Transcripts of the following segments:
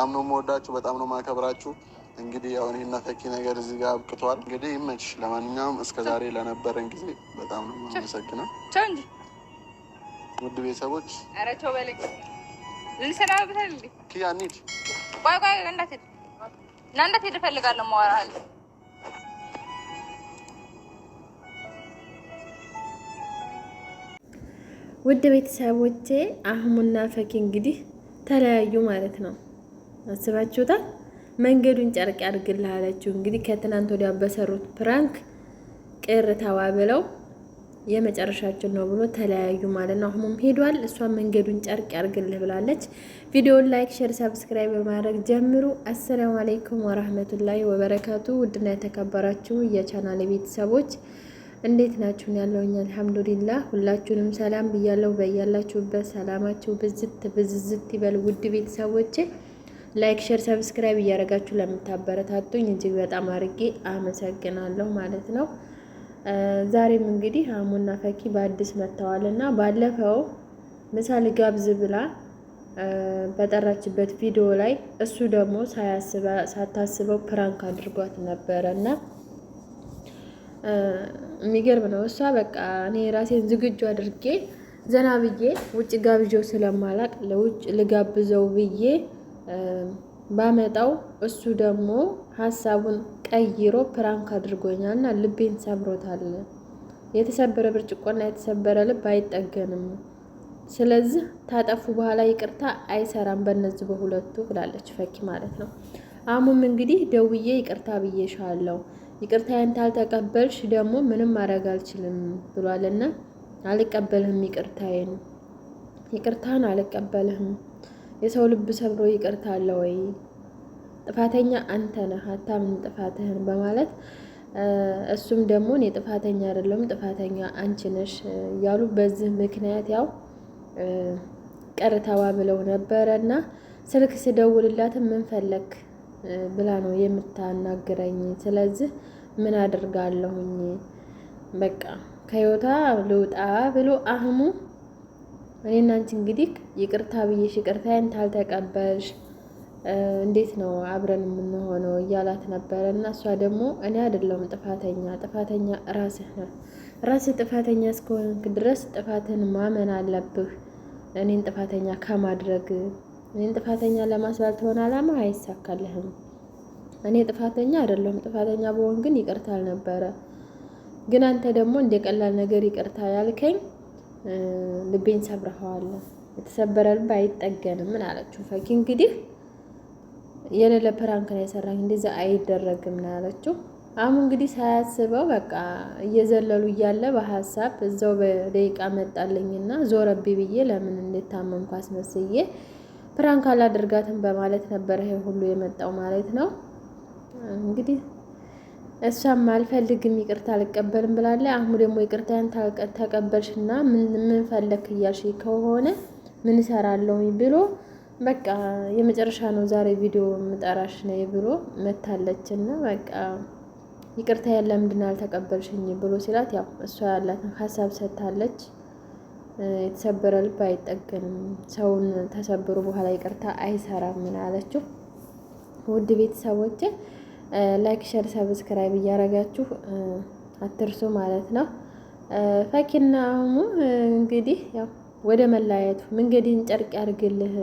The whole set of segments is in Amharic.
በጣም ነው የምወዳችሁ፣ በጣም ነው የማከብራችሁ። እንግዲህ አሁን ይህና ፈኪ ነገር እዚህ ጋር አብቅተዋል። እንግዲህ ይመች። ለማንኛውም እስከ ዛሬ ለነበረን ጊዜ በጣም ነው የማመሰግነው ውድ ቤተሰቦች። ኪያኒድ ቆይ ቆይ፣ እንዳትሄድ እና እንዳትሄድ እፈልጋለሁ ማወራሃል ውድ ቤተሰቦቼ አህሙና ፈኪ እንግዲህ ተለያዩ ማለት ነው። አስባችሁታል? መንገዱን ጨርቅ ያድርግልህ አለችው። እንግዲህ ከትናንት ወዲያ በሰሩት ፕራንክ ቅር ተባብለው የመጨረሻችን ነው ብሎ ተለያዩ ማለት ነው። አሁንም ሄዷል። እሷ መንገዱን ጨርቅ ያድርግልህ ብላለች። ቪዲዮውን ላይክ፣ ሼር፣ ሰብስክራይብ በማድረግ ጀምሩ። አሰላሙ አለይኩም ወራህመቱላሂ ወበረካቱ። ውድና የተከበራችሁ የቻናል ቤተሰቦች እንዴት ናችሁን? ያለውኛ አልሐምዱሊላህ። ሁላችሁንም ሰላም ብያለሁ። በያላችሁበት ሰላማችሁ ብዝት ብዝዝት ይበል ውድ ቤተሰቦቼ ላይክ፣ ሼር፣ ሰብስክራይብ እያደረጋችሁ ለምታበረታቱኝ እጅግ በጣም አድርጌ አመሰግናለሁ ማለት ነው። ዛሬም እንግዲህ አሙና ፈኪ በአዲስ መጥተዋል እና ባለፈው ምሳሌ ጋብዝ ብላ በጠራችበት ቪዲዮ ላይ እሱ ደግሞ ሳታስበው ፕራንክ አድርጓት ነበረ እና የሚገርም ነው። እሷ በቃ እኔ ራሴን ዝግጁ አድርጌ ዘና ብዬ ውጭ ጋብዤው ስለማላቅ ለውጭ ልጋብዘው ብዬ ባመጣው እሱ ደግሞ ሀሳቡን ቀይሮ ፕራንክ አድርጎኛል እና ልቤን ሰብሮታል። የተሰበረ ብርጭቆና የተሰበረ ልብ አይጠገንም። ስለዚህ ታጠፉ በኋላ ይቅርታ አይሰራም በእነዚህ በሁለቱ ብላለች ፈኪ ማለት ነው። አሙም እንግዲህ ደውዬ ይቅርታ ብዬሻለሁ፣ ይቅርታዬን ታልተቀበልሽ ደግሞ ምንም ማድረግ አልችልም ብሏልና አልቀበልህም፣ ይቅርታዬን ይቅርታን አልቀበልህም የሰው ልብ ሰብሮ ይቅርታ አለ ወይ? ጥፋተኛ አንተ ነህ አታምን ጥፋትህን በማለት እሱም ደግሞ እኔ ጥፋተኛ አይደለም ጥፋተኛ አንቺ ነሽ እያሉ በዚህ ምክንያት ያው ቀር ተባብለው ነበረ እና ስልክ ስደውልላትም ምን ፈለግ ብላ ነው የምታናግረኝ። ስለዚህ ምን አድርጋለሁኝ በቃ ከዮታ ልውጣ ብሎ አህሙ እኔ እናንቺ እንግዲህ ይቅርታ ብዬሽ ይቅርታዬን ታልተቀበልሽ እንዴት ነው አብረን የምንሆነው እያላት ነበረ። እና እሷ ደግሞ እኔ አይደለሁም ጥፋተኛ ጥፋተኛ ራስህ ነው። ራስህ ጥፋተኛ እስከሆንክ ድረስ ጥፋትህን ማመን አለብህ። እኔን ጥፋተኛ ከማድረግ እኔን ጥፋተኛ ለማስባል ትሆን አላማ አይሳካልህም። እኔ ጥፋተኛ አይደለሁም። ጥፋተኛ በሆን ግን ይቅርታ አልነበረ። ግን አንተ ደግሞ እንደ ቀላል ነገር ይቅርታ ያልከኝ ልቤን ሰብረኸዋለሁ፣ የተሰበረ ልብ አይጠገንም ምን አለችው። ፈኪ እንግዲህ የሌለ ፕራንክ ነው የሰራኝ አይደረግም ነው ያለችው። አሁን እንግዲህ ሳያስበው በቃ እየዘለሉ እያለ በሀሳብ እዛው በደቂቃ መጣልኝና ዞረብ ብዬ ለምን እንድታመምኩ አስመስዬ ፕራንክ አላደርጋትም በማለት ነበረ ሁሉ የመጣው ማለት ነው እንግዲህ እሷም አልፈልግም ይቅርታ አልቀበልም ብላለ። አሁን ደግሞ ይቅርታን ተቀበልሽና ምን ፈለክ እያልሽ ከሆነ ምን እሰራለሁኝ ብሎ በቃ የመጨረሻ ነው ዛሬ ቪዲዮ ምጠራሽ ነይ ብሎ መታለችና በቃ ይቅርታ ያለ ለምንድን አልተቀበልሽኝ ብሎ ሲላት ያው እሷ ያላትን ሀሳብ ሰጥታለች። የተሰበረ ልብ አይጠገንም፣ ሰውን ተሰብሮ በኋላ ይቅርታ አይሰራም አለችው። ውድ ቤተሰቦቼ ላይክ፣ ሸር፣ ሰብስክራይብ እያረጋችሁ አትርሱ ማለት ነው። ፈኪና አህሙ እንግዲህ ያው ወደ መለያየቱ መንገድህን ጨርቅ ያርግልህ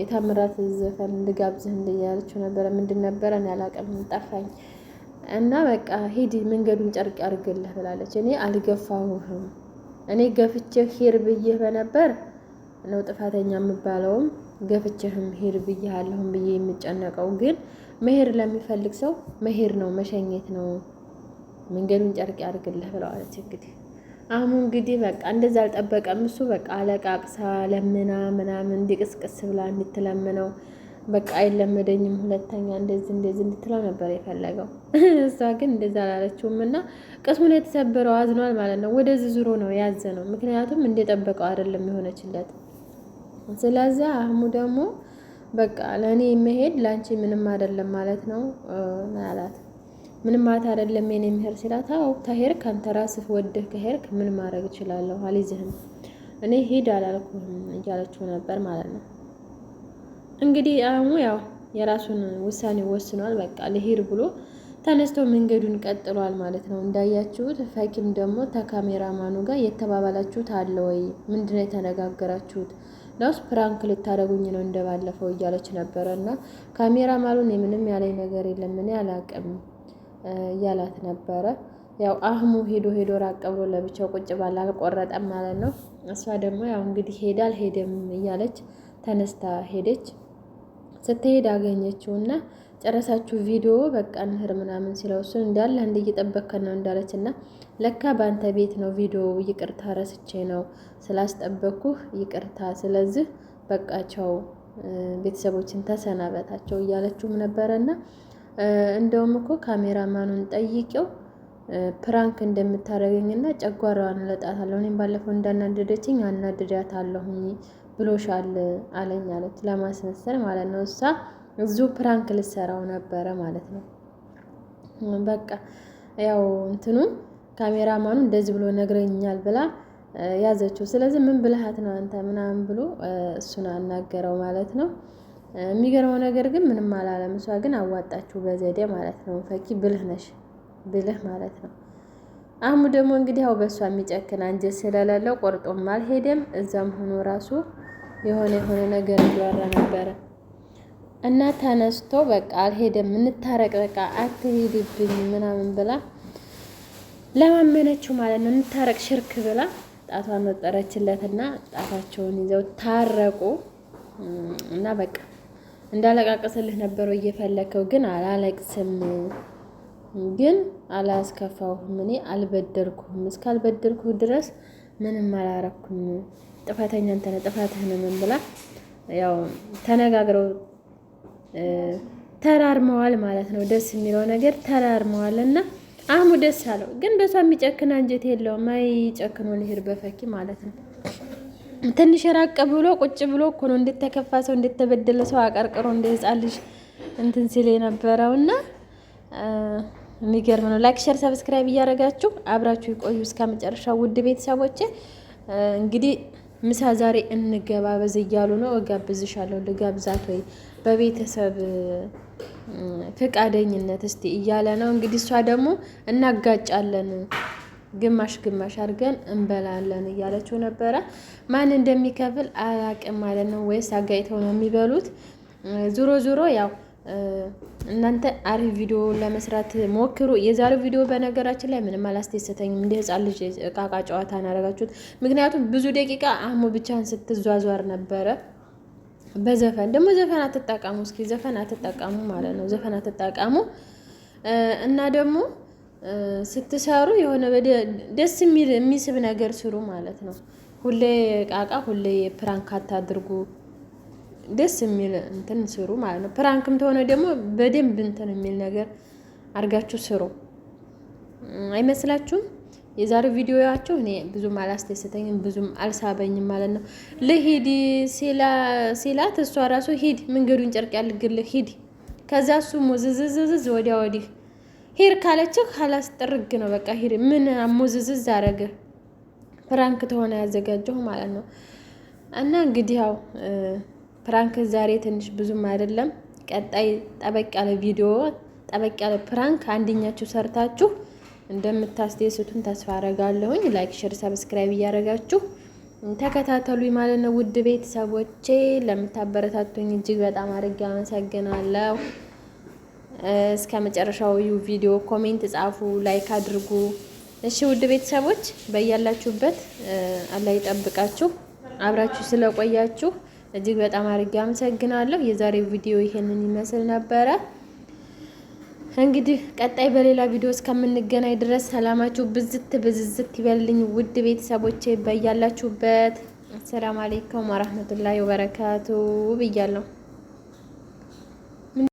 የታምራት ዘፈን ልጋብዝህ እንደያለችው ነበረ። ምንድን ነበረ እኔ አላውቅም ጠፋኝ። እና በቃ ሂድ መንገዱን ጨርቅ ያርግልህ ብላለች። እኔ አልገፋሁህም። እኔ ገፍቼህ ሂር ብዬህ በነበር ነው ጥፋተኛ የምባለውም ገፍቼህም ሄር ብዬህ አለሁም ብዬ የምጨነቀው ግን መሄድ ለሚፈልግ ሰው መሄድ ነው መሸኘት ነው። መንገዱን ጨርቅ ያድርግልህ ብለዋለች። እንግዲህ አሁን እንግዲህ በቃ እንደዛ አልጠበቀም እሱ በቃ አለቃቅሳ ለምና ምናምን እንዲቅስቅስ ብላ እንድትለምነው በቃ አይለመደኝም ሁለተኛ እንደዚህ እንደዚህ እንድትለው ነበር የፈለገው። እሷ ግን እንደዛ አላለችውም እና ቅስሙን የተሰበረው አዝኗል ማለት ነው። ወደዚህ ዙሮ ነው ያዘ ነው። ምክንያቱም እንደጠበቀው አይደለም የሆነችለት። ስለዚያ አህሙ ደግሞ በቃ ለእኔ መሄድ ለአንቺ ምንም አይደለም ማለት ነው አላት። ምንም ማለት አይደለም የኔ ምህር ሲላት፣ አዎ ተሄድክ አንተ ራስህ ወደህ ከሄድክ ምን ማድረግ እችላለሁ አልይዝህም፣ እኔ ሂድ አላልኩህም እያለችው ነበር ማለት ነው። እንግዲህ አሙ ያው የራሱን ውሳኔ ወስኗል። በቃ ልሄድ ብሎ ተነስቶ መንገዱን ቀጥሏል ማለት ነው። እንዳያችሁት ፈኪም ደግሞ ተካሜራማኑ ጋር የተባባላችሁት አለ ወይ? ምንድነው የተነጋገራችሁት? ነውስ ፕራንክ ልታደረጉኝ ነው እንደባለፈው እያለች ነበረ። እና ካሜራ ማሉን ምንም ያለኝ ነገር የለም ምን አላቅም እያላት ነበረ። ያው አህሙ ሄዶ ሄዶ ራቅ ብሎ ለብቻው ቁጭ ባለ አልቆረጠም ማለት ነው። እሷ ደግሞ ያው እንግዲህ ሄዳል ሄደም እያለች ተነስታ ሄደች። ስትሄድ አገኘችውና ጨረሳችሁ ቪዲዮ በቃ እንህር ምናምን ሲለው እሱን እንዳለ አንድ እየጠበከን ነው እንዳለች እና ለካ በአንተ ቤት ነው ቪዲዮ። ይቅርታ ረስቼ ነው ስላስጠበኩህ ይቅርታ። ስለዚህ በቃቸው ቤተሰቦችን ተሰናበታቸው እያለችውም ነበረና እንደውም እኮ ካሜራማኑን ጠይቄው ፕራንክ እንደምታደርገኝና ጨጓራዋን እለጣታለሁ እኔም ባለፈው እንዳናደደችኝ አናድዳታለሁኝ ብሎሻል አለኝ አለች፣ ለማስመሰል ማለት ነው እሳ እዚሁ ፕራንክ ልሰራው ነበረ ማለት ነው። በቃ ያው እንትኑ ካሜራማኑ እንደዚህ ብሎ ነግረኛል ብላ ያዘችው። ስለዚህ ምን ብልሃት ነው አንተ ምናምን ብሎ እሱን አናገረው ማለት ነው። የሚገርመው ነገር ግን ምንም አላለም። እሷ ግን አዋጣችሁ በዘዴ ማለት ነው። ፈኪ ብልህ ነሽ ብልህ ማለት ነው። አህሙ ደግሞ እንግዲህ ያው በእሷ የሚጨክን አንጀት ስለሌለው ቆርጦም አልሄደም። እዛም ሆኖ ራሱ የሆነ የሆነ ነገር እያወራ ነበረ። እና ተነስቶ በቃ አልሄደም እንታረቅ በቃ አትሄድብኝ ምናምን ብላ ለማመነችው ማለት ነው። እንታረቅ ሽርክ ብላ ጣቷን ወጠረችለትና ጣታቸውን ይዘው ታረቁ እና በቃ እንዳለቃቀስልህ ነበረው እየፈለከው ግን አላለቅስም ግን አላስከፋሁም፣ እኔ አልበደልኩህም። እስካልበደልኩህ ድረስ ምንም አላረኩም። ጥፋተኛ እንተነ ጥፋትህን ምን ብላ ያው ተነጋግረው ተራርመዋል ማለት ነው። ደስ የሚለው ነገር ተራርመዋል እና አህሙ ደስ አለው። ግን በሷ የሚጨክን አንጀት የለውም። አይጨክኖ ልሄድ በፈኪ ማለት ነው። ትንሽ ራቅ ብሎ ቁጭ ብሎ እኮ ነው እንደተከፋ ሰው እንደተበደለ ሰው አቀርቅሮ እንደ ህፃን ልጅ እንትን ሲል የነበረው እና የሚገርም ነው። ላይክ፣ ሸር፣ ሰብስክራይብ እያደረጋችሁ አብራችሁ ይቆዩ እስከ መጨረሻ ውድ ቤተሰቦቼ እንግዲህ ምሳ ዛሬ እንገባበዝ እያሉ ነው። እጋብዝሻለሁ። ልጋብዛት ወይ በቤተሰብ ፈቃደኝነት እስቲ እያለ ነው እንግዲህ። እሷ ደግሞ እናጋጫለን፣ ግማሽ ግማሽ አድርገን እንበላለን እያለችው ነበረ። ማን እንደሚከፍል አያውቅም ማለት ነው፣ ወይስ አጋይተው ነው የሚበሉት? ዞሮ ዞሮ ያው እናንተ አሪፍ ቪዲዮ ለመስራት ሞክሩ። የዛሬው ቪዲዮ በነገራችን ላይ ምንም አላስደሰተኝም። እንደ ህጻን ልጅ እቃቃ ጨዋታ ናደረጋችሁት። ምክንያቱም ብዙ ደቂቃ አህሙ ብቻን ስትዟዟር ነበረ። በዘፈን ደግሞ ዘፈን አትጠቀሙ፣ እስኪ ዘፈን አትጠቀሙ ማለት ነው። ዘፈን አትጠቀሙ እና ደግሞ ስትሰሩ የሆነ ደስ የሚስብ ነገር ስሩ ማለት ነው። ሁሌ ቃቃ፣ ሁሌ ፕራንክ አታድርጉ። ደስ የሚል እንትን ስሩ ማለት ነው። ፕራንክም ተሆነ ደግሞ በደንብ እንትን የሚል ነገር አድርጋችሁ ስሩ። አይመስላችሁም? የዛሬው ቪዲዮያቸው እኔ ብዙም አላስደሰተኝም፣ ብዙም አልሳበኝም ማለት ነው። ለሂድ ሲላት እሷ ራሱ ሂድ፣ መንገዱን ጨርቅ ያልግልህ ሂድ። ከዛ እሱ ሙዝዝዝዝ ወዲያ ወዲህ ሂድ ካለችህ ጥርግ ነው በቃ ሂድ። ምን ሙዝዝዝ አረገ? ፕራንክ ተሆነ ያዘጋጀሁ ማለት ነው። እና እንግዲህ ያው ፕራንክ ዛሬ ትንሽ ብዙም አይደለም። ቀጣይ ጠበቅ ያለ ቪዲዮ፣ ጠበቅ ያለ ፕራንክ አንድኛችሁ ሰርታችሁ እንደምታስደስቱን ተስፋ አረጋለሁኝ። ላይክ፣ ሼር፣ ሰብስክራይብ እያረጋችሁ ተከታተሉ ማለት ነው። ውድ ቤተሰቦቼ ለምታበረታቱኝ እጅግ በጣም አድርጌ አመሰግናለሁ። እስከ መጨረሻው ቪዲዮ ኮሜንት ጻፉ፣ ላይክ አድርጉ። እሺ ውድ ቤተሰቦች በያላችሁበት አላህ ይጠብቃችሁ። አብራችሁ ስለቆያችሁ እጅግ በጣም አድርጌ አመሰግናለሁ። የዛሬ ቪዲዮ ይሄንን ይመስል ነበረ። እንግዲህ ቀጣይ በሌላ ቪዲዮ እስከምንገናኝ ድረስ ሰላማችሁ ብዝት ብዝዝት ይበልኝ። ውድ ቤተሰቦቼ፣ በያላችሁበት። አሰላም አለይኩም ወራህመቱላሂ ወበረካቱ ብያለሁ።